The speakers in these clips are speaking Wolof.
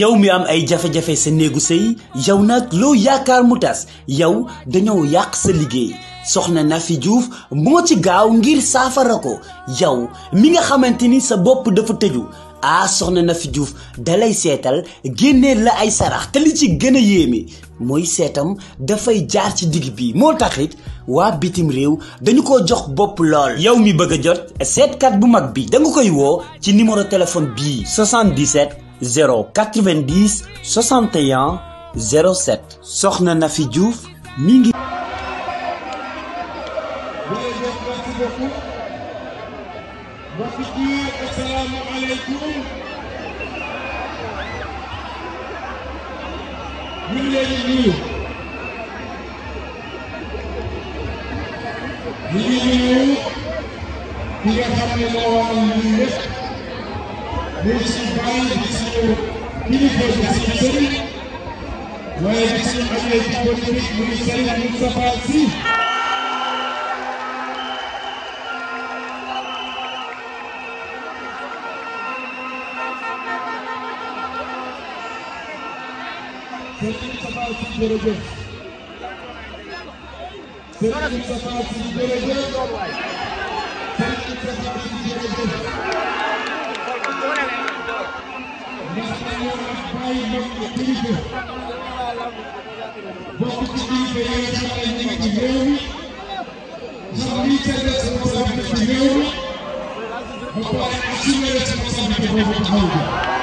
yow mi am ay jafe-jafe sa néegu sëy yow nag loo yaakaar mu tas yow dañoo yàq sa liggéey soxna na fi juuf moo ci gaaw ngir saafara ko yow mi nga xamante ni sa bopp dafa tëju ah soxna na fi juuf dalay seetal génneel la ay sarax te li ci gëna a yéeme mooy seetam dafay jaar ci digg bi moo taxit it waa bitim réew dañu ko jox bopp lool. yow mi bëgg a jot seetkat bu mag bi da koy woo ci numéro téléphone bii 77 090 61 07 soxna na fi juuf mi ngi. ngay juum ñu ngi leen di nuyu ñu ngi nuyu ñi nga xam ne moo waral lii yëpp muy suñu bàyyi di suñu kilifa di suñu sëriñ waaye di suñu amee ci politique muy sëriñ Moustapha Sy jërëjëf. Serigne Moustapha Sy jërëjëf. Serigne Moustapha Sy jërëjëf. ndax dañoo am bàyyi mag ak kilifa. bokk ci kilifa yi nga xam ne ñu ngi ci réew mi. ndax lii teel a sama bopp ci réew mi. ba pare assumer responsabilité boobu taxaw bi.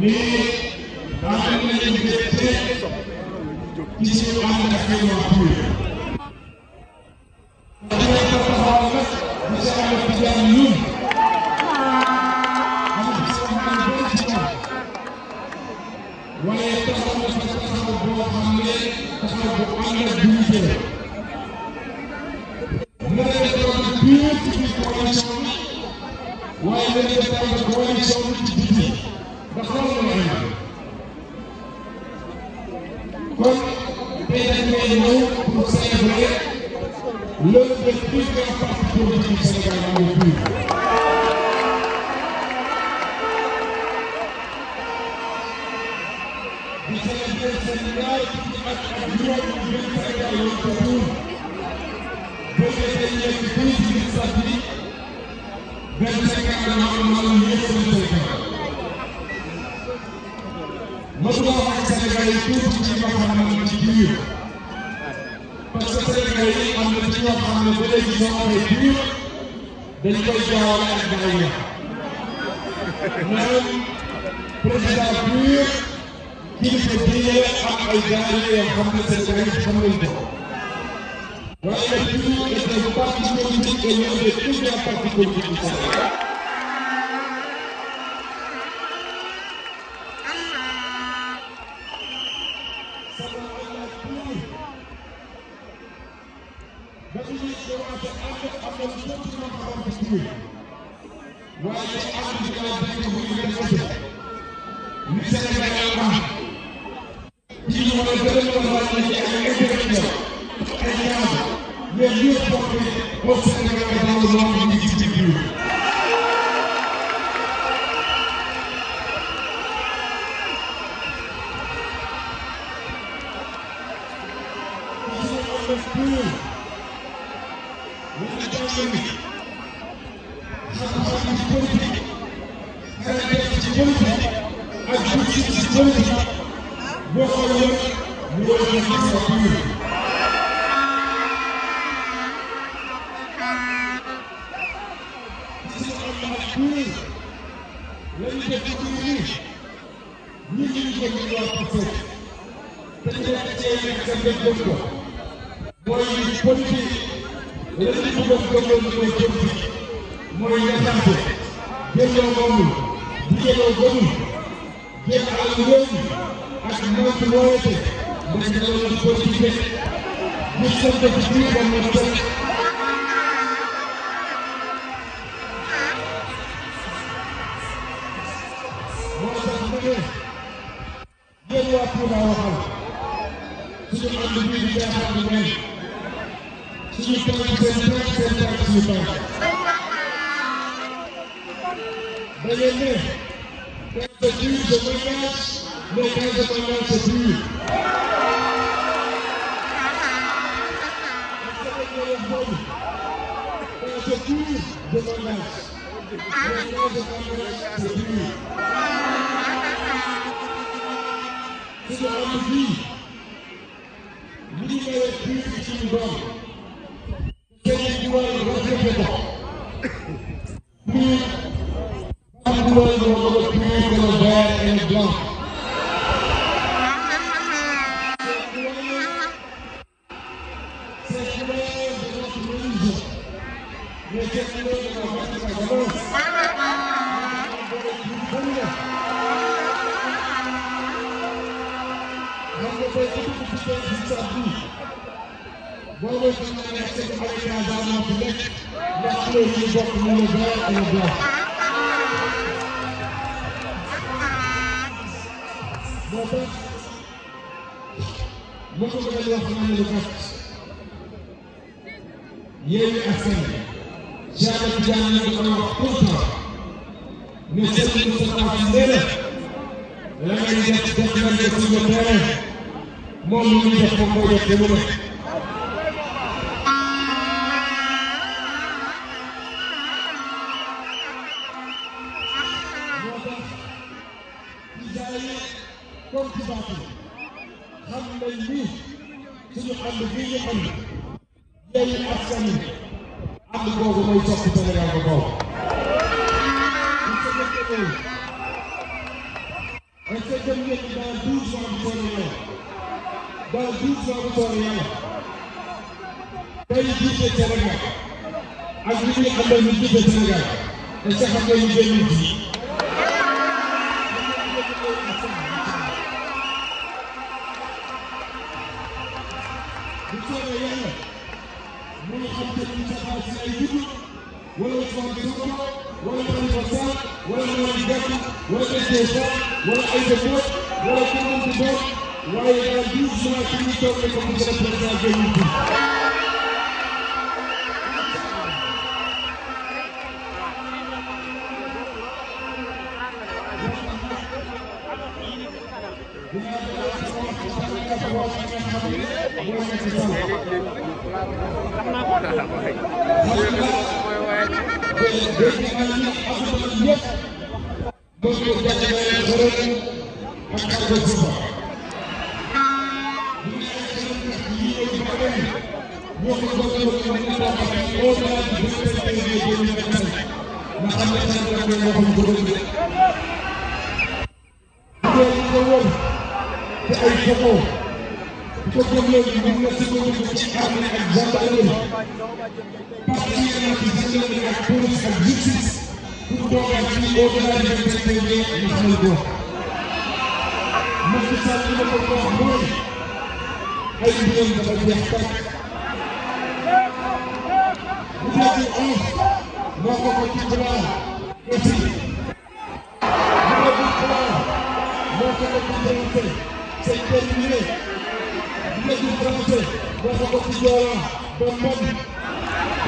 ni daa am na liberté ci suñu ànd ak ay waa tey bu ñu amee biir dañ koy jaawale ak gaaw yi maanaam président biir kilifa diine am ay gaaw yoo xam ne Sénégal xam nañ ko waaye nag biir dafa parti politique et ñoom de tout parti politique waaye am na ci la béykat bu ñu gën a jëf li Sénégal yàlla baax ci ñu mën a gën a mën a mën ci ay intervention ay gaz mais mieux porté au Sénégal dans le monde di ci ci biir. Thank you. indi xam-xam ci politique nga def ci politique ak justice ci politique boo ko yor mu war a gis sa biir lañu def ci kuréel yi ñu ngi ñu ko ñu war a tëj te ñu def ci ay nekk sa mbéj ko mooy politique léegi li ñu def gëm-gëm ñu koy jëm fii mooy yasante génnoo gëmul bu génnoo gëmul génn alal réew mi ak nawet bi wooyate mu nekk dana doon politique ñu sant ci biir ba mu toog. moo tax ma ne yéen waa Touba waxal suñu ànd bii di jaaxal di mel. citoyenneté directe et participante. da ngeen ne. perspective de gouvernance mais d'indépendance pure. perspective de gouvernance. mais d'indépendance pure. suñu am fii. li ñu mel ni fii ci suñu doom. xam nga xam nga tey ku dugg ci kër gi sax bi boobu xam naa ne xëy na ay transat moo fi nekk ndax couleur yi bokk ñu ne blanc et le blanc. moo tax mën nga bëgg wax naa ne lu gàtt yéen askan. jaaree ci jaaree ñu ko wax tout le temps. ni Serigne Moustapha nee na la ngay def def na nga sur le terrain moom lu muy def moom mooy def te mu ne que dem ngeen dans douze ans bu toll yàlla dans douze ans bu toll yàlla tey jiite Sénégal ak li ñu xam ne ñu jiite Sénégal est ce que xam nga ñu génn ji bu soobee yàlla mën na xam te ñu saxaar si ay dugub wala Ousmane Sonko wala Khalifa Sall wala Malick Gakou wala SDE wala Aïda Mbodj wala Koungheul Mbodj waaye daal 12 mois ci ñu toog ne ko monsieur le président Bugün bakımaya zorun akıllısı var. Thank you. pour doog a ji au-delà des vingt-cinq ans ñu xamal ko. Macky Sall li ma ko wax mooy ay mbiram dafa jeex tàkk. bu fekkee onze moo ko ko ci plan aussi. bu fekkee plan moo ko ko ci volonté c'est terminé. bu fekkee volonté moo ko ko ci Joola ba Mbam.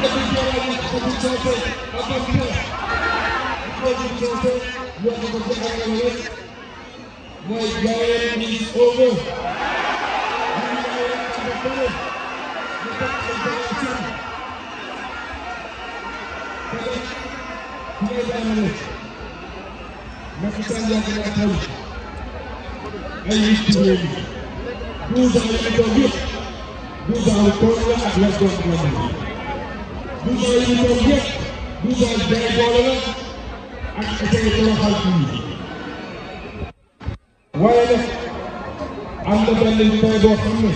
bu fekkee Joola moo ko ko ci santé ak Mbam. productivité wax ko joxal la mooy jaayeen bi au moins. Macky Sall yàgg naa taw ay huit mille douze ans lañu toog yëpp douze ans toog la ak la doon douze ans yi ñu toog yëpp douze ans jaay boole la ak ci jege local bi waaye nag am na benn point boo xam ne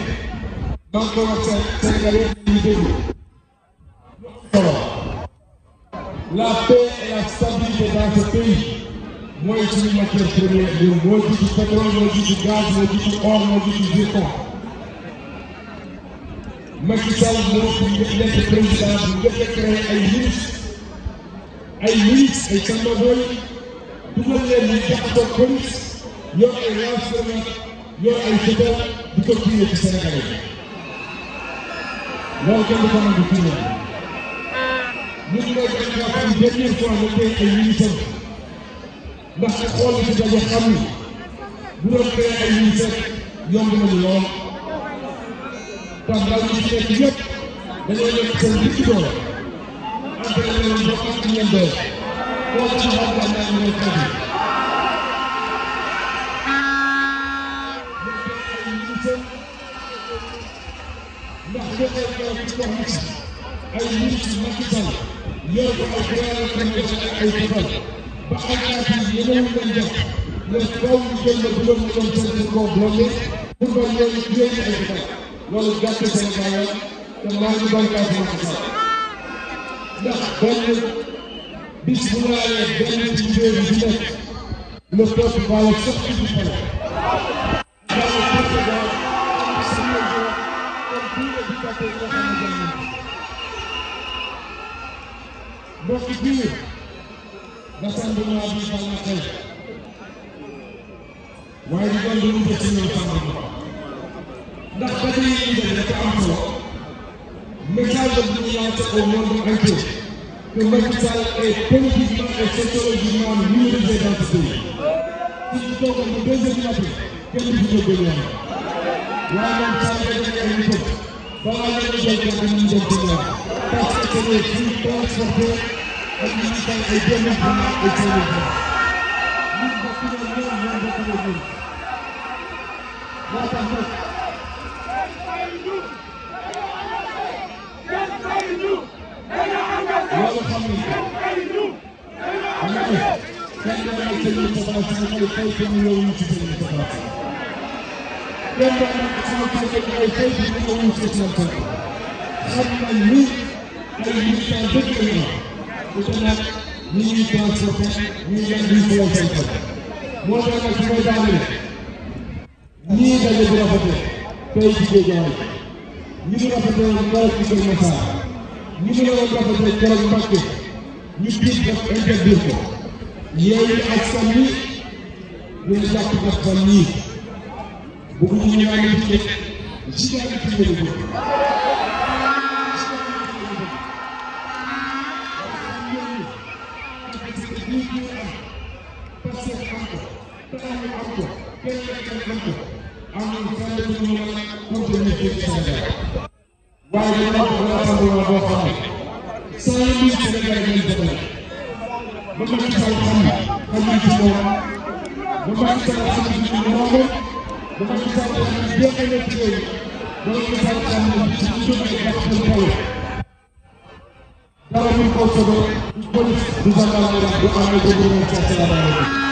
maa ngi ko wax Sénégal yëpp ñu déglu solo la paix et la stabilité dans ce pays mooy suñu matière première bi moo jiitu pétrole moo jiitu gaz moo jiitu or moo jiitu zircon Macky Sall moo fi nekk président bu njëkk a créé ay ministre ay milice ay Samba Boy dugal leen ñu jaxasoo police yor ay renseignement yor ay fetal di ko tuye ci Sénégal yi loolu kenn du ko nangu tuye ñu ngi lay gën a am dernière fois nga koy ay ministère ndax xool ci daje xam ni bu doon créé ay ministère yomb nañu lool ndax daal ñu particularly the continent there. What you have done in your country. ndax dafay ñëw ci koo xam si ay nit yu Macky Sall yor ko ak wéyal ko ñu def ay tefal ba ay naat yi yeneen yu doon def les kaw yu jël la bëggoon ñu doon tënk koo bloqué pour ba ñëw ñu jëlee ay tefal loolu gàtt Sénégal la te maa ngi doon gàtt Macky Sall ndax benn bis bu laalee benn ci mbéy mi di nekk le peuple va le sortir du palais. dans le Portugal si le jour comme tous les dictateurs yoo xam ne jàll mbokk biir rassemblement bi fan la tey waaye di doon lu mu def ci ñoom Tamba ndax ba tey yi ñu def dafa am solo. message que vous lancez au monde entier que Macky Sall est politiquement et sociologiquement minorisé dans ce pays. Si nous sommes le deuxième matin, quel est le gouvernement Là, on s'en fait des réalités. Dans la réalité, on a mis des gouvernements. Parce que c'est le plus transporté et militant et démocrate et téléphone. Nous, beaucoup de monde, nous, beaucoup de monde. Là, ça fait ñii dañu di rafetee tey jigéen ñi ñu ngi rafetee lool ci Kër Massar ñu ngi doon rafetlu keroog Mbacke ñu tiit def interdire ko yooyu ak sànni ñun jàpp na fan yii bu ko ñu ñëwalee ci nekk gisaa bi ci bëri bëri. Thank you. waaye li nga xam ne assemblée boo xam ne saa yu mbir Sénégal yi def na ba Macky Sall xam ne xam ne ci moom ba Macky Sall xam ne ci moom ba Macky Sall xam ne bien que nekk yooyu ba Macky Sall xam ne ci ñu jógee ak ñu taw dara muy kaw sa bopp du police du gendarmerie du armée de gouvernement